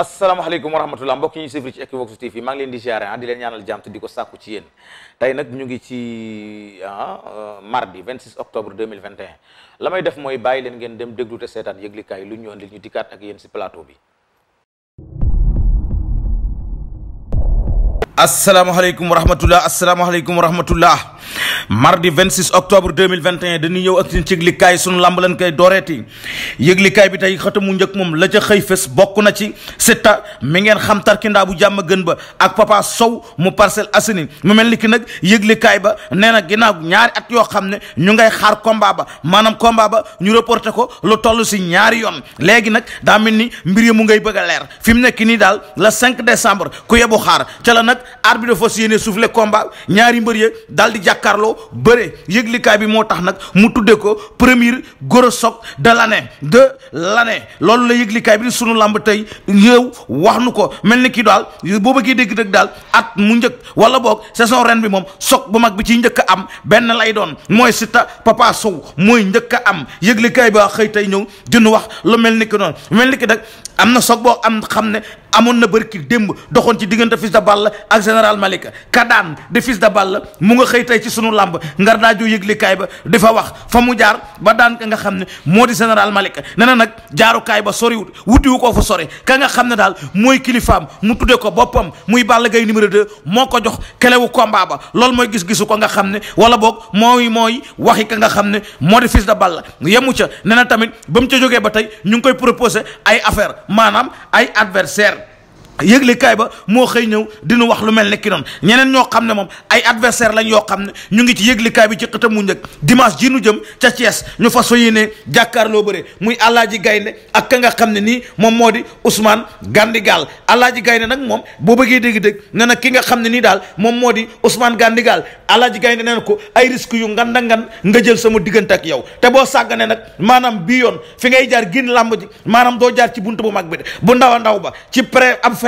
asalaamaaleykum wa rahmatullah mbokk yi ñu suivre ci Equivox TV maa ngi leen di ziare ah di leen ñaanal jàmm te di ko sàkku ci yéen tey nag ñu ngi ci ah mardi 26 octobre 2021 la may def mooy bàyyi leen ngeen dem déglu te seetaan yëglikaay lu ñu ñëwoon ñu dikkaat ak yen si plateau bi. asalaamaaleykum wa rahmatullah asalaamaaleykum wa mardi 26 octobre 2021 dañuy ñëw ak ci yëglikaay sunu lamb lañ koy dooreeti yëglikaay bi tey mu njëkk moom la ca xëy fes bokk na ci Siteu mi ngeen xam tarkindaa bu jàmm gën ba ak Papa Sow mu Parcelles Assainies mu mel ni ki nag yëglikaay ba nee na ginnaaw ñaari at yoo xam ne ñu ngay xaar combat ba maanaam combat ba ñu reporté ko lu toll si ñaari yoon léegi nag daa mel ni mbir yi mu ngay bëgga leer fi mu nekk nii daal le cinq décembre ku yebu xaar ca la nag arbitre ñaari mbër jàkkaarloo bëre yëglikaay bi moo tax nag mu tuddee ko premier goro choc de l'année de l'année loolu la yëglikaay bi di sunu làmb tey ñëw wax nu ko mel ni kii daal boo bëggee dégg dëgg daal at mu njëkk wala boog saison ren bi moom choc bu mag bi ci njëkk a am benn lay doon mooy Siteu Papa Sow mooy njëkk am yëglikaay bi waa xëy tey ñëw dinu wax lu mel ni ki noonu mel ni ki nag am na soog boo am xam ne amoon na bërki démb doxoon ci diggante Fils de Balla ak général Malika ci sunu làmb ngar daajoo yëglikaay ba di fa wax fa mu jaar ba daan ka nga xam ne moo di général Malick nee na nag jaarukaay ba soriwut wutiwu ko fa sore ka nga xam ne daal mooy kilifaam mu tuddee ko boppam muy Balla gay numéro 2 moo ko jox kelewu combat ba loolu mooy gis-gisu ko nga xam ne wala boog mooy mooy waxi ka nga xam ne moo di fis de Balla yemu ca nee na tamit ba mu ca jógee ba tey ñu ngi koy proposé ay affaire maanaam ay adversaire yëgle kaay ba moo xëy ñëw dina wax lu mel ne ki noonu ñeneen ñoo xam ne moom ay adversaire lañ yoo xam ne ñu ngi ci yëgle kaay bi ci xëtam mu njëkk dimanche ji nu jëm ca Thiès ñu fas yéenee jàkkaarloo bëre muy Alaaji Gaynde ak ka nga xam ne nii moom moo di Ousmane Gandigal Alaaji Gaynde nag moom boo bëggee dégg-dégg nee na ki nga xam ne nii daal moom moo di Ousmane Gandigal Alaaji Gaynde nee na ko ay risques yu nganda ngan nga jël sama diggante ak yow te boo sàgganee nag maanaam bii yoon fi ngay jaar gin làmb ji maanaam doo jaar ci bunt bu mag bi bu ndaw ndaw ba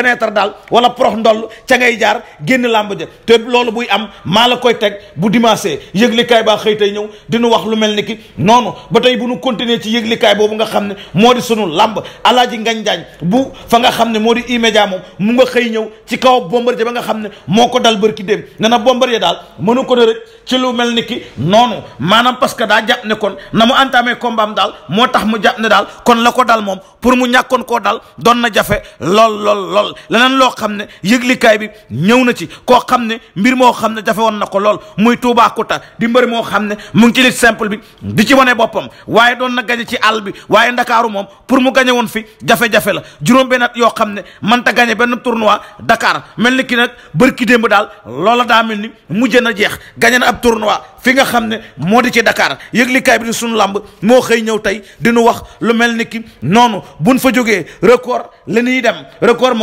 fenêtre daal wala prox ndoll ca ngay jaar génn làmb ja te loolu buy am maa la koy teg bu dimanche yëglikaay baa xëy ñëw dinu wax lu mel ni noonu ba tey bu nu continuer ci yëglikaay boobu nga xam ne moo di sunu làmb alaaji ngañ jaañ bu fa nga xam ne moo di immédiat moom mu nga xëy ñëw ci kaw bombardier ba nga xam ne moo ko dal bërki dem ne na bombardier daal mënu ko ne rek ci lu mel ni noonu maanaam parce daa jàpp ne kon na mu entamé combat am daal moo tax mu jàpp ne daal kon la ko dal moom pour mu ñàkkoon koo dal doon na jafe lool lool lool lool leneen loo xam ne yëglikaay bi ñëw na ci koo xam ne mbir moo xam ne jafe woon na ko lool muy Toubacouta di mbër moo xam ne mu ngi ci lutte simple bi di ci wane boppam waaye doon na gañe ci àll bi waaye ndakaaru moom pour mu gañe woon fi jafe-jafe la juróom benn yoo xam ne mënta gañe benn tournoi dakaar mel ni ki nag bërki démb daal loola daa mel ni mujj na jeex gañe na ab tournoi fi nga xam ne moo di ci dakaar yëglikaay bi di sunu làmb moo xëy ñëw tey di wax lu mel ni ki noonu buñ fa jógee record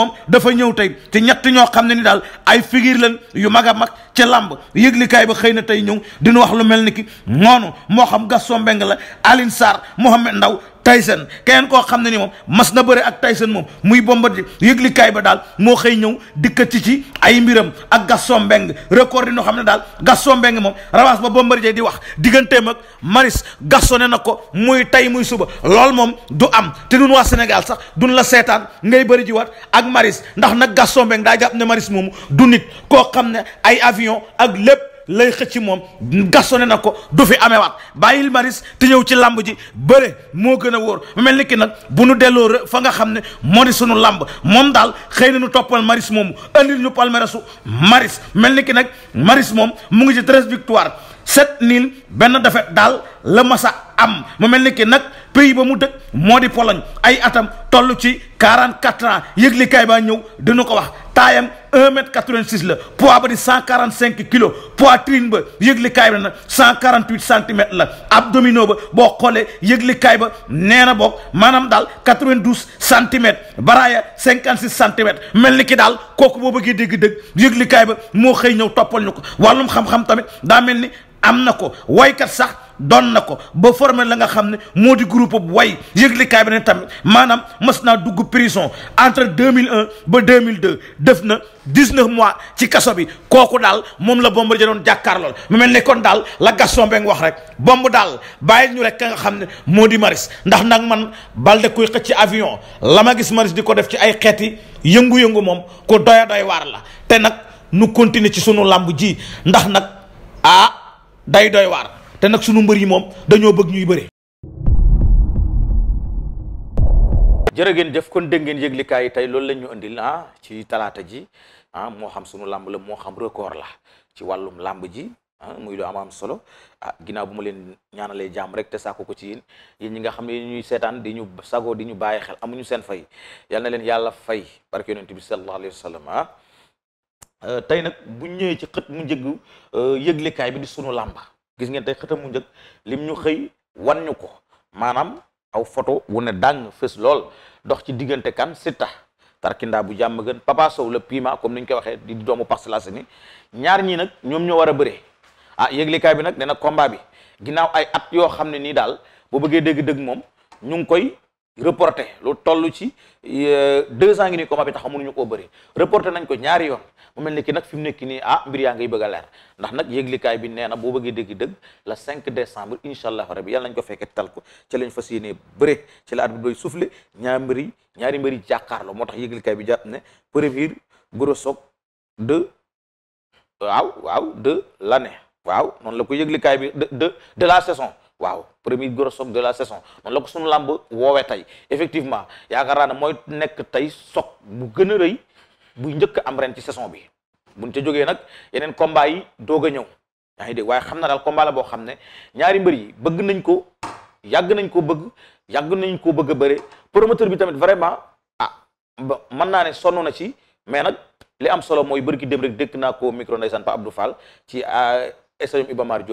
moom dafa ñëw tey te ñett ñoo xam ne ni daal ay figure lan yu mag a mag ca làmb yëglikaay ba xëy na tey ñëw dina wax lu mel ni ki noonu moo xam Gaston Mbengue la Alioune Sarr Mohamed Ndaw Tyson keneen koo xam ne ni moom mas na bëre ak Tyson moom muy Bombardier yëglikaay ba daal moo xëy ñëw dikkati ci ay mbiram ak Gaston Mbengue record yi xam ne daal Gaston Mbengue moom revanche ba Bombardier di wax digganteem ak Maris Gaston ne na ko muy tey muy suba lool moom du am te nun waa Sénégal sax dun la seetaan ngay bëri ji waat ak Maris ndax nag Gaston Mbengue daa jàpp ne avion ak lépp lay xëcc moom gasone na ko du fi amewaat bàyyil maris te ñëw ci làmb ji bëre moo gën a wóor mu mel ni ki nag bu nu delloo rek fa nga xam ne moo di sunu làmb moom daal xëy na ñu toppal maris moomu andil ñu palmarèsu maris mel ni ki nag maris moom mu ngi ci treize victoire sept nil benn defet daal la masa am mu mel ni ki nag pays ba mu dëkk moo di Pologne ay atam toll ci quarante quatre ans yëglikaay baa ñëw dina ko wax taayam un mètre quatre-vingt-six la poids ba di cent quarante cinq kilos poitrine ba kaay ba na cent quarante huit centimètres la domino ba boo xoolee yëglikaay ba nee na boog maanaam daal quatre-vingt-douze centimètres baraaya cinquante six centimètres mel ni ki daal kooku boo bëggee dégg-dëgg yëglikaay ba moo xëy ñëw toppool ñu ko wàllum xam-xam tamit daa mel ni am na ko waykat sax doon na ko ba formé la nga xam ne moo di groupe bu way yëglikaay bi ne tamit maanaam mas naa dugg prison entre 2001 ba 2002 def na 19 mois ci kaso bi kooku daal moom la Bombardier doon jàkkaarlool mu mel ne kon daal la Gaston Mbengue wax rek bomb daal bàyyi ñu rek ka nga xam ne moo di Maris ndax nag man balde kuy xëcc avion la ma gis Maris di ko def ci ay xeeti yëngu-yëngu moom ku doya doy waar la te nag nu continuer ci sunu làmb ji ndax nag ah day doy waar te nag sunu mbër yi moom dañoo bëgg ñuy bëre. jërë jëf kon dégg ngeen yëglikaay yi tey loolu la ñu indil ah ci talaata ji ah moo xam sunu làmb la moo xam record la ci wàllum làmb ji ah muy lu am am solo ah ginnaaw bu ma leen ñaanalee jàmm rek te saako ko ci yéen yéen ñi nga xam ne ñuy seetaan di ñu sago di ñu bàyyi xel amuñu seen fay yal na leen yàlla fay barke yonent bi sallallahu alayhi wa sallam ah euh, tey nag bu ñëwee ci xët mu njëgg euh, yëglikaay bi di sunu làmb gis ngeen tey xëtam mu njëkk lim ñu xëy wan ñu ko maanaam aw foto wu ne dàng fës lool dox ci diggante kan Siteu Tarkinda bu jàmm gën Papa soow la piment comme ni ñu koy waxee di doomu Parcelles Assainies ñaar ñii nag ñoom ñoo war a bëree ah yëglikaay bi nag nee na combat bi ginnaaw ay at yoo xam ne nii daal boo bëggee dégg-dëgg moom ñu ngi koy reporté lu toll ci euh, deux ans ngi nii combat bi tax ñu koo bëri reporté nañ ko ñaari yoon mu mel ni ki nag fi mu nekk nii a ah, mbir yaa ngi bëgga a leer ndax nag yëglikaay bi neena boo bëggee dégg-dëgg la cinq décembre incha allah rabi yàlla nañ ko fekkee tal ko ci lañ fas yéenee bëre ci la at bi doy soufflé ñaari mbëri ñaari mbëri moo tax yëglikaay bi jàpp ne premier gros choc de waaw waaw de l'année waaw noonu la ko yëglikaay bi de de la saison. waaw premier gros choc de la saison noonu la ko suñu làmb woowee tey effectivement yaakaar naa ne mooy nekk tey choc bu gën a rëy bu njëkk am ren ci saison bi buñ ca jógee nag yeneen combat yi doog a ñëw yaa ngi dégg waaye xam na daal combat boo xam ne ñaari mbër yi bëgg nañ ko yàgg nañ ko bëgg yàgg nañ ko bëgg a bëre promoteur bi tamit vraiment ah ba mën naa ne sonn na ci mais nag li am solo mooy bërki dem rek dëkk naa ko micro ndeysaan Pa Abdou Fall ci euh, stadium Iba Mar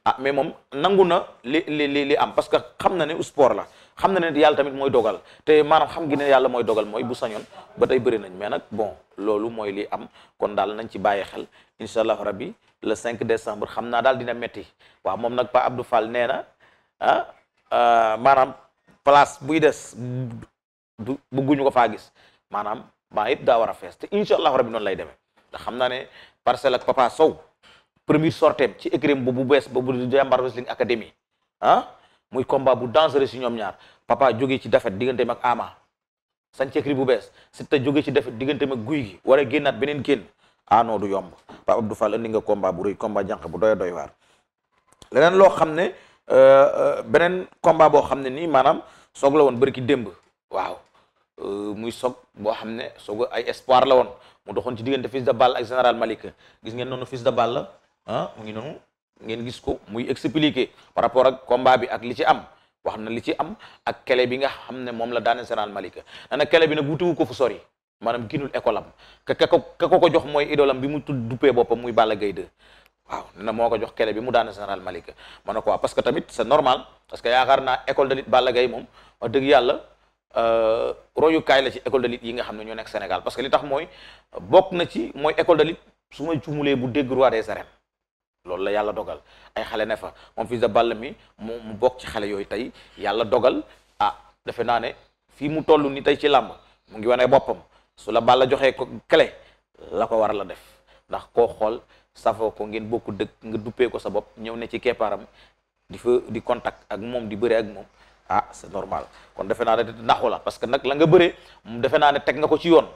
ah mais moom nangu na li li li li am parce que xam na ne sport la xam na ne yàlla tamit mooy dogal te maanaam xam gi ne yàlla mooy dogal mooy bu sañoon ba tey bëri nañ mais nag bon loolu mooy li am kon daal nañ ci bàyyi xel incha allah rabbi le 5 décembre xam naa daal dina metti waaw moom nag Pa Abdou Fall nee na ah euh, maanaam place buy des du bëgguñu ko faa gis maanaam maa yëpp daa wara a fees te incha allah rabbi noonu lay demee ndax xam naa ne parcelle ak Papa Sow. premier sorteem ci écrim bu bu bees bu Jàmbaar Wrestling Academy ah, muy combat bu dangereux si ñoom ñaar papa joge ci defet diggante ak Ama sañ ci bu bees Siteu jógee ci defet digganteem ak guy gi war génnaat beneen génn ah non du yomb Pape Abdou Fall indi nga combat bu rëy combat jànq bu doy doy waar leneen loo xam ne euh, euh, beneen combat boo xam ne nii maanaam soog la woon bëri ki démb waaw euh, muy soog boo xam ne soog ay espoir la woon mu doxoon ci diggante Fils de Balla ak général Malick gis ngeen noonu Fils de Balla ah mu ngi noonu ngeen gis ko muy expliquer par rapport ak combat bi ak li ci am wax na li ci am ak kele bi nga xam ne moom la daane Général Malika nana kele bi nag wutiwu ko fu sori maanaam kinul école am ka ko jox mooy idolam bi mu tudd duppee boppam muy bala gay 2 waaw nee na moo ko jox kele bi mu daane Général Malika ma ne ko parce que tamit c'est normal parce que yaakaar naa école de lutte Balla Gaye moom wax dëgg yàlla euh, kaay la ci école de lutte yi nga xam ne ñoo nekk Sénégal parce que li tax mooy bokk na ci mooy école de su ma jumulee bu dégg roi loolu la yàlla dogal ay xale ne fa moom Fils de Balla mi mu mu bokk ci xale yooyu tey yàlla dogal ah defe naa ne fii mu toll ni tey ci làmb mu ngi wane boppam su la Balla joxee ko clé la ko waral a def ndax koo xool safoo ko ngeen bokku dëkk nga duppee ko sa bopp ñëw ne ci keppaaram di fa di contact ak moom di bëre ak moom ah c'est normal kon defe naa ne naxu la parce que nag la nga bëree defe naa ne teg nga ko ci yoon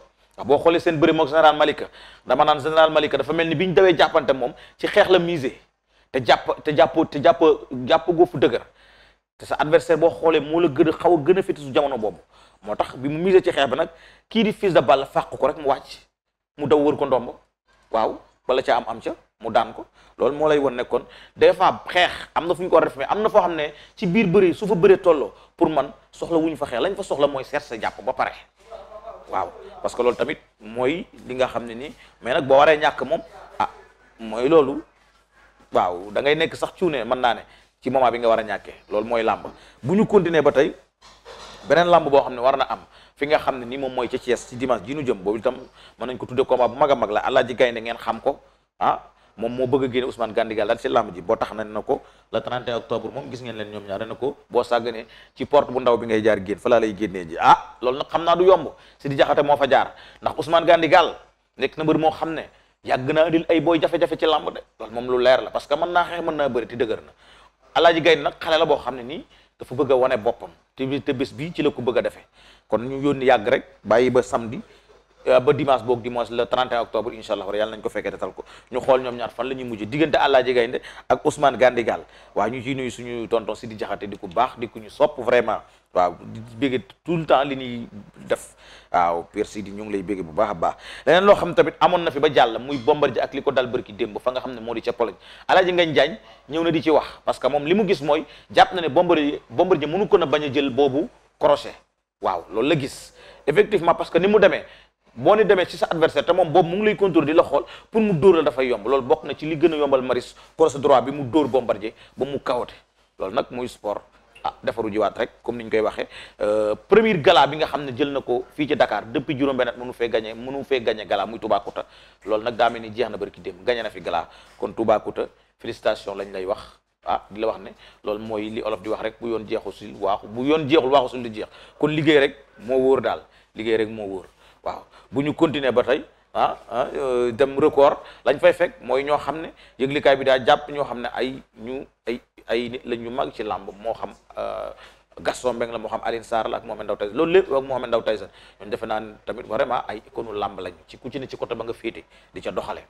boo xoolee seen bëri moo général Malika dama naan général Malika dafa mel ni bi ñu dawee jàppante moom ci xeex la misé te jàpp te jàpp te jàpp jàpp goofu dëgër te sa adversaire boo xoolee moo la gën a xaw a gën a féti jamono boobu moo tax bi mu misé ci xeex bi nag kii di Fils de Balla fàq ko rek mu wàcc mu daw wër ko ndomb waaw bala ca am am ca mu daan ko loolu moo lay won nekkoon des fois xeex am na fu ñu ko war a am na foo xam ne ci biir bëri su fa bëree tolloo pour man soxla wu lañ fa soxla mooy seet sa jàpp ba pare waaw parce que loolu tamit mooy li nga xam ne nii mais nag boo waree ñàkk moom ah mooy loolu waaw da ngay nekk sax cuune mën naa ne ci moment bi nga war a ñàkkee loolu mooy làmb bu ñu continuer ba tey beneen làmb boo xam ne war na am fi nga xam ne ni moom mooy ca Thiès ci dimanche ji nu jëm boobu itam mën nañ ko tudde combat bu mag a mag la Alaaji Gaynde ngeen xam ko ah moom moo bëgg a génne Ousmane Gandigal daal ci làmb ji boo tax na ne na ko le 31 octobre moom gis ngeen leen ñoom ñaar na ko boo sàgganee ci porte bu ndaw bi ngay jaar génn fa la lay génnee ji ah xam naa du yomb si di jaxate moo fa ndax Ousmane Gandigal nekk na mbër moo xam ne yàgg naa dil ay booy jafe ci làmb de loolu moom lu leer la parce que mën naa xeex mën naa bëri ti dëgër na Alaaji Gaye nag xale la boo xam ne nii dafa bëgg wane boppam te te bés bii ci la ko bëgg a defee kon ñu yoon yàgg rek bàyyi ba samedi Euh, ba dimanche boog dimanche le 31 octobre incha allah war nañ ko fekkee te tal ñu xool ñoom ñaar fan la ñuy mujj diggante Alaaji Gaynde ak Ousmane Gandigal waaw ñu ciy nuyu suñu tonton si di jaxate di ku baax di ku ñu sopp vraiment waaw di tout le temps li ñuy def waaw Père Sidi ñu ngi lay bégge bu baax a baax leneen loo xam tamit amoon na fi ba jàll muy Bombardier ak li ko dal bërki démb fa nga xam ne moo di ca Pologne Alaaji Ngagne Diagne ñëw di ci wax parce que moom li mu gis mooy jàpp na ne Bombardier Bombardier mënu ko na bañ a jël waaw loolu la gis effectivement parce que ni mu demee boo ni demee ci sa adversaire te moom boobu mu ngi lay contour di la xool pour mu dóor la dafay yomb loolu bokk na ci li gën a yombal Maris cross droit bi mu dóor bombardier mu kawote loolu nag muy sport ah defaru jiwaat rek comme ni ñu koy waxee euh, premier gala bi nga xam ne jël na ko fii ci Dakar depuis juróom-benn mënu fee gagné mënu fee gagné gala muy Toubacouta loolu nag daa ni jeex na bari dem gagné na fi gala kon Toubacouta félicitation lañ lay wax ah la wax ne loolu mooy li olof di wax rek bu yoon jeexul si waaxu bu yoon jeexul waaxu si jeex kon liggéey rek moo wóor daal liggéey rek moo wóor. waaw bu ñu continuer ba tey ah, ah euh, dem record lañ fay fekk mooy ñoo xam ne yëglikaay bi daa jàpp ñoo xam ne ay ñu ay ay nit la ñu mag ci làmb moo xam euh, Gaston Mbengue la moo xam Alioune Sarr la ak Mohamed Ndao Tyson loolu lépp ak Mohamed Ndao Tyson ñoom defe naa tamit vraiment ay icône làmb lañ ci ku ci ne ci côté ba nga féete di ca doxale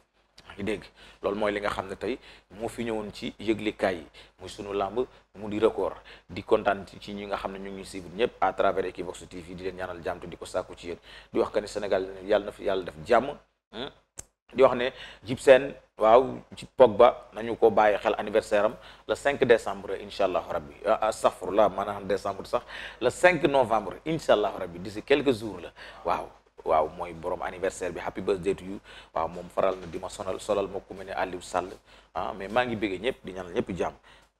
maa ngi dégg loolu mooy li nga xam ne tey moo fi ñëwoon ci yëglikaay yi muy sunu làmb mu di record di kontaan ci ñi nga xam ne ñu ngi ñuy suivre ñëpp à travers Equivox TV di leen ñaanal jàmm te di ko sàkku ci yéen di wax que ne Sénégal yàlla na fi yàlla def jàmm hmm? di wax ne Jib Sène waaw ci ba nañu ko bàyyi xel anniversaire am le 5 décembre incha allahu rabbi ah, ah, astafurlah maanaam décembre sax le 5 novembre incha allahu rabbi d'ici quelques jour la waaw waaw mooy borom anniversaire bi happy birthday to waaw moom faral na di ma sonal solal ma ku mel ne Aliou Sall ah mais maa ngi bëggee ñëpp di ñaanal ñëpp jàmm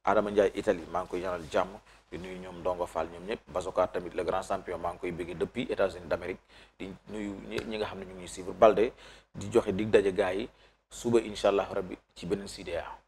Adama Ndiaye Italie maa ngi koy ñaanal jàmm di nuyu ñoom Ndongo faal ñoom ñëpp basoka tamit le grand champion maa ngi koy bëggee depuis États-Unis d'Amérique di nuyu ñi nga xam ne ñu ngi suivre Balde di joxe dig daje gars yi suba incha allah rabbi ci beneen CDA.